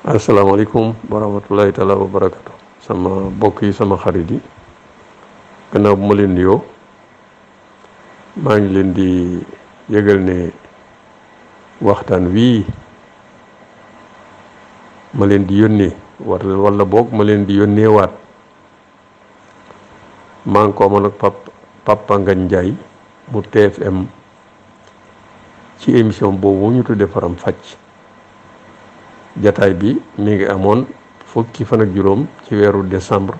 asalaamaaleykum wa rahmatullahi taala wa barakatu sama bokk yi sama xarit yi gannaaw bu ma leen nuyoo maa ngi leen di yëgal ne waxtaan wii ma leen di yónnee war wala boog ma leen di yónnee waat maa ngi ko amoon ak pap Papa Ngagne Ndiaye mu TFM ci émission boobu ñu tuddee faram fàcc jataay bi mi ngi amoon fukki fan ak juróom ci weeru décembre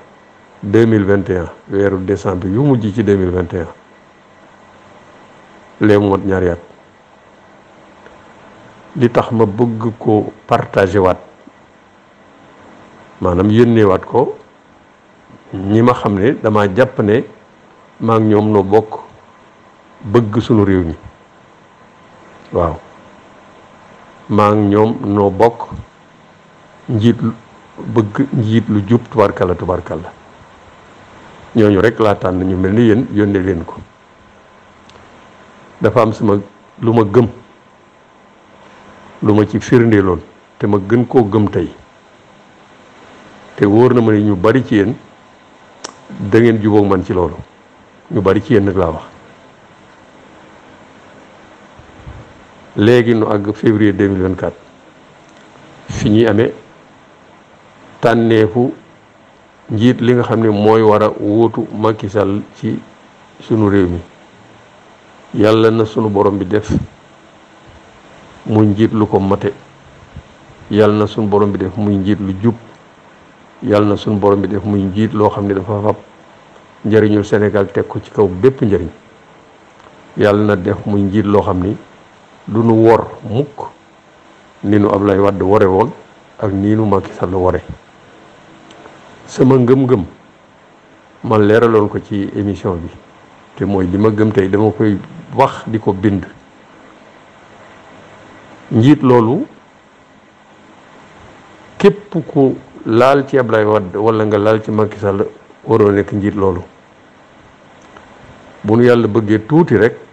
deux mille vingt et un weeru décembre yu mujj ci deux mille vingt et un léegi mu mat ñaari at li tax ma bëgg ko partage waat maanaam yónneewaat ko ñi ma xam ne dama jàpp ne maa ngi ñoom noo bokk bëgg sunu réew mi waaw maa ngi ñoom noo bokk njiit bëgg njiit lu jub tubarkalla tubarkalla ñooñu rek laa tànn ñu mel ni yéen yónnee leen ko dafa am sama lu ma gëm lu ma ci firndeeloon te ma gën koo gëm tey te wóor na ma ne ñu bari ci yéen da ngeen jubóog man ci loolu ñu bari ci yéen nag laa wax léegi nu àgg février 2024 fi ñuy amee tànneefu njiit li nga xam ne mooy war a wóotu Macky ci sunu réew mi yàlla na sunu borom bi def muy njiit lu ko mate yàlla na sunu borom bi def muy njiit lu jub yàlla na sunu borom bi def muy njiit loo xam ne dafa fab njëriñul Sénégal teg ko ci kaw bépp njariñ yàlla na def muy njiit loo xam ni du nu wor mukk ni nu Ablaye Wade wore woon ak nii nu Macky Sall wore sama ngëm-ngëm man leeraloon ko ci émission bi te mooy li ma gëm tey dama koy wax di ko bind njiit loolu képp ku laal ci Ablaye Wade walla nga laal ci Macky Sall waroo nekk njiit loolu bu nu yàlla bëggee tuuti rekk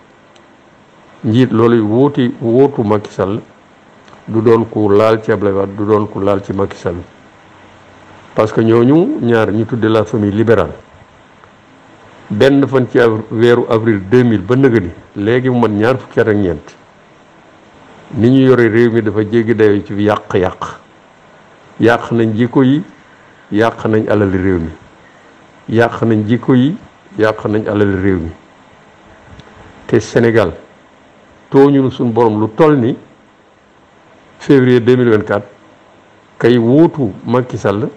njiit loolu wóoti wóotu Macky du doon ku laal ci Abdoulaye Wade du doon ku laal ci Macky parce que ñooñu ñaar ñu tudde la famille libérale benn fan ci weeru avril 2000 ba nëga léegi mu man ñaar fukki at ak ñeent ni ñu yore réew mi dafa jéggi dayo ci yàq-yàq yàq nañ jikko yi yàq nañ alali réew mi yàq nañ jikko yi yàq nañ alali réew mi te senegal tooñul suñ borom lu toll ni février 2024 kay wuutu Macky Sall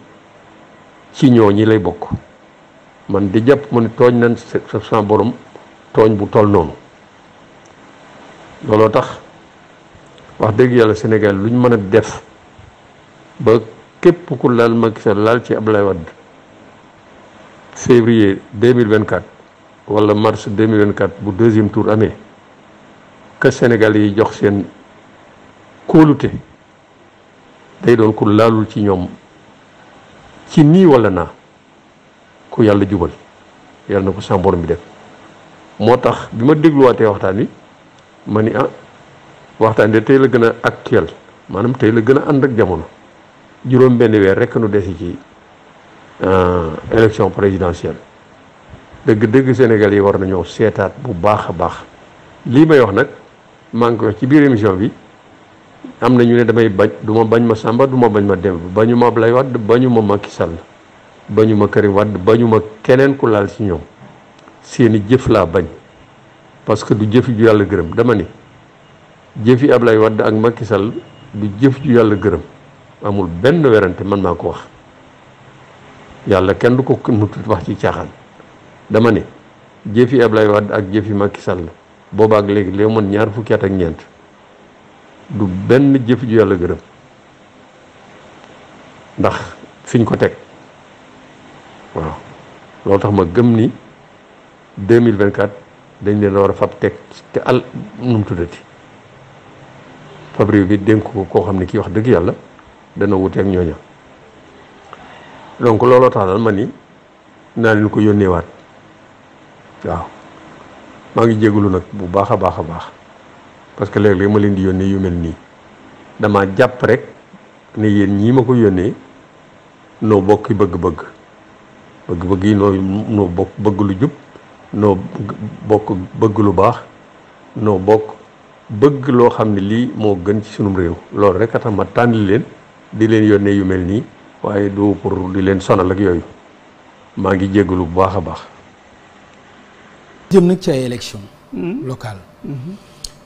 ci ñoo ñi lay bokk man di jàpp ma ni tooñ nañ sa borom tooñ bu tol noonu looloo tax wax dëgg yàlla Sénégal lu ñu mën a def ba képp ku laal Macky Sall laal ci Abdoulaye Wade février 2024 wala mars 2024 bu deuxième tour amee que Sénégal yi jox seen kóolute day doon ku laalul ci ñoom ci nii wala naa ku yàlla jubal yàlla na ko sa borom bi def moo tax bi ma dégluwaatee waxtaan wi ma ni ah waxtaan de tey la gën a actuel maanaam tey la gën a ànd ak jamono juróom benn weer rekk nu desi ci euh, élection présidentielle dëgg-dëgg Sénégal yi war nañoo seetaat bu baax a baax lii may wax nag maa ngi koy ci biir émission bi am na ñu ne damay bañ du ma bañ ma Samba du ma bañ ma dem bañu ma Ablaye Wade bañu ma makki Sall bañu ma Karim Wade bañu ma keneen ku laal ci ñoom seeni jëf laa bañ parce que du jëf ju yàlla gërëm dama ni jëfi Ablaye wadd ak Macky Sall du jëf ju yàlla gërëm amul benn werante mën naa ko wax yàlla kenn du ko nutut wax ci caaxaan dama ne jëfi Ablaye Wade ak jëfi Macky Sall boobaak léegi léegi mën ñaar fukki at ak ñeent du benn jëf ju yàlla gërëm ndax fiñ ko teg waaw loolu tax ma gëm ni 2024 dañ leen war a fab teg te al nu mu tuddati fabri bi dénk ko koo xam ne kii wax dëgg yàlla dana wute ak ñooña donc looloo tax daal ma ni naa leen ko yónneewaat waaw maa ngi jégalu nag bu baax a baax a baax parce que léeg-léeg ma leen di yónnee yu mel nii dama jàpp rek ne yéen ñii ma ko yónnee noo bokki bëgg-bëgg bëgg-bëgg yi noo noo bokk bëgg lu jub noo bokk bëgg lu baax noo bokk bëgg loo xam ne lii moo gën ci sunum réew loolu rek a tax ma tànn leen di leen yónnee yu mel nii waaye du pour di leen sonal ak yooyu maa ngi jégalu bu baax a baax jëm nag ci ay élection hmm. locale hmm.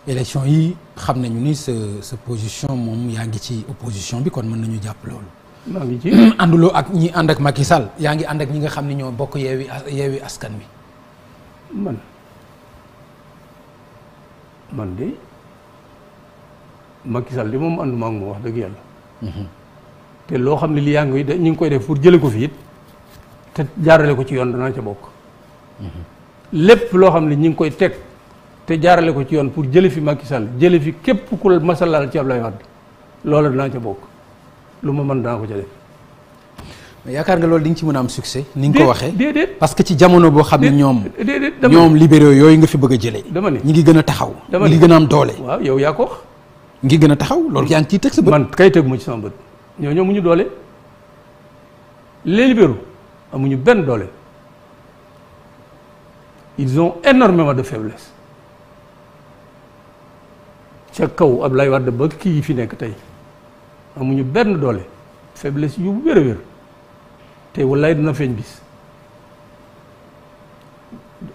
élection yi xam nañu ni sa sa position moom yaa ngi ci opposition bi kon mën nañu jàpp loolu maa ngi ci hmm, ànduloo ak ñi ànd ak Macky yaa ngi ànd ak ñi nga xam ne ñoo bokk yeewi yeewi askan wi man man de Macky Sall di moom ànduma ak moom wax dëgg yàlla te loo xam ne li yaa ngi ñu ngi koy def pour jële ko fi it te jaarale ko ci yoon danaa ca bokk lépp loo xam ne ñi ngi koy teg te jaarale ko ci yoon pour jële fi Macky Sall jële fi képp ku masalaal ci Abdoulaye Wade loola dinaa ca bokk lu ma mën dinaa ko ca def mais yaakaar nga loolu di nga ci mën a am succès ni nga ko waxee parce que ci jamono boo xam ne ñoom ñoom libéraux yooyu nga fi bëgg a jëlee dama ne ñi ngi gën a taxaw ñi ngi gën a am doole waaw yow yaa ko wax ngi gën a taxaw loolu yaa ngi ciy teg sa bët man kay teg ma ci sama bët ñoo ñoom mu ñu doole les libéraux amuñu benn doole ils ont énormément de faiblesse ca kaw lay Wade ba kii fi nekk tey amuñu benn doole faiblesse yu wér wér te wallaay dina feeñ bis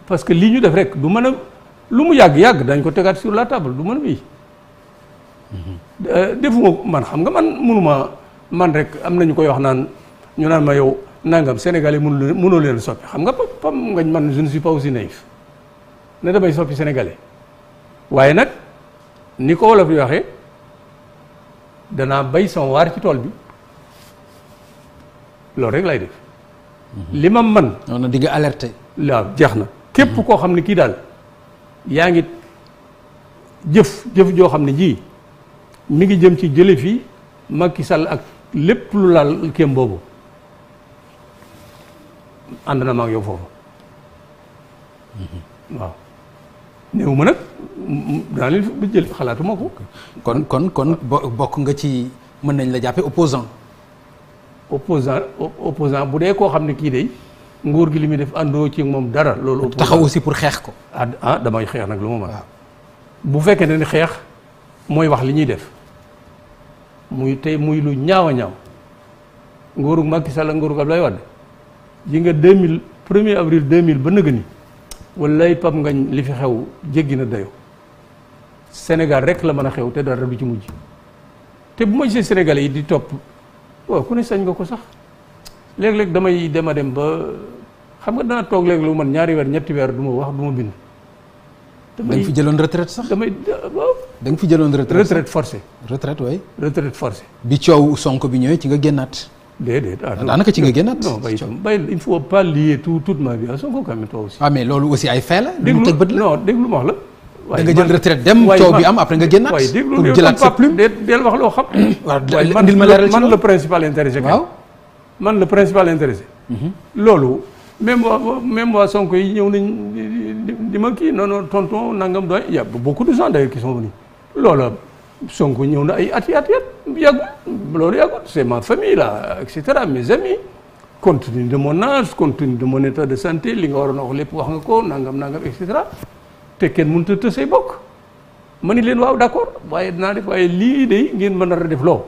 parce que lii ñu def rek du mën a lu mu yàgg-yàgg dañ ko tegaat sur la table du mën a bii mhm. euh, defuma man xam nga man mënuma man rek am nañu koy wax naan ñu naan ma yow nangam Sénégal yi mënu mënoo leen soppi xam nga pam ngañ man je si suis si aussi naïf ne soppi sénégalais waaye nag ni ko wolof waxe danaa bay son waar ci tool bi loolu rek lay def. Mhm. li ma man non di nga alerté. waaw jeex na képp mhm. koo xam ne kii daal yaa ngi jëf jëf joo xam ne ji mi ngi jëm ci jële fii Macky Sall ak lépp lu laal kéem boobu. ànd na ma ak yow foofu waaw néew ma nag daa leen ba jël xalaatu ko. kon kon kon bokk nga ci mën nañ la jàppe opposant opposant bu dee koo xam ne kii day nguur gi li muy def àndoo ci moom dara loolu taxaw aussi pour xeex ko ah damay xeex nag lu ma mën bu fekkee ne ni xeex mooy wax li ñuy def muy tey muy lu ñaaw a ñaaw nguurug Macky Sall nguurug Abdoulaye Wade yi nga 2000 1er avril 2000 ba nëgë ni walay pap ngañ li fi xew jéggi na dayo Sénégal rek la mën a xew te dara du ci mujj te bu ma gisee Sénégalais yi di topp waaw ku ne sañ nga ko sax léeg-léeg damay dem a dem ba xam nga danaa toog léeg lu man ñaari weer ñetti weer du ma wax du ma bind. damay da fi jëloon retraite sax damay waaw. fi jëloon retraite retraite forcée. retraite waay. retraite forcée. bi coow Sonko bi ñëwee ci nga génnaat. déedéet ah daanaka ci nga génnaat. non bay itam bay il faut pas lier tout toute ma vie à Sonko quand même toi aussi. ah mais loolu aussi ay fee déglu lu wax la. da jël retraite dem coow bi am après nga génnaat. pour jëlaat sa plume del wax loo xam. waaw man le principal intéressé. Mhm. loolu même waa Sonko yi ñëw nañ di ma kii tonton nangam doy y a beaucoup de gens d'ailleurs qui sont venus loolu Sonko ñëw na ay at i at at yàggul loolu yàggul c'est ma famille là et cetera mes amis de mon âge compte tenu de mon état de santé li nga war a wax lépp wax nga ko nangam nangam et cetera te kenn mënut a tësay bokk ma ni leen waaw d'accord waaye dinaa def waaye lii de ngeen mën a def loo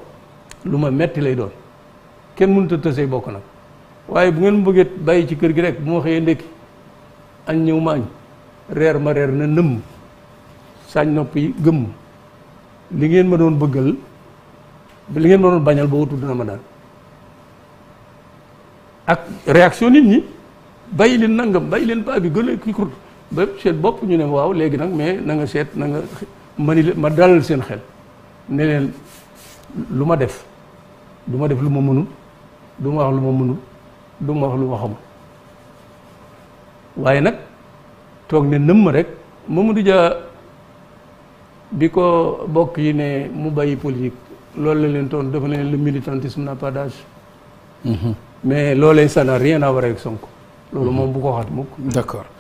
lu ma metti lay doon kenn mënut a tësay bokk nag waaye bu ngeen bëggee bàyyi ci kër gi rek bu ma xëyee ndekki añ ñëw ma añ reer ma reer na nëmm sañ noppi gëmm li ngeen ma doon bëggal. li ngeen ma bañal boobu wutul na ma daal ak réaction nit ñi bàyyi leen nangam bàyyi leen paa bi gën a kii ba seen bopp ñu ne waaw léegi nag mais nanga nga seet na nga mani ma dalal seen xel ne leen lu ma def du ma def lu ma mënul du ma wax lu ma mënul du ma wax lu ma xamul waaye nag toog ne nëmm rek Mamadou Dia bi ko bokk yi ne mu bàyyi politique loolu la leen toon dafa ne le militantisme n'a pas d'âge mhm. mais loolee ça n'a rien a voir avec Sonko loolu moom bu ko waxat mukk d'accord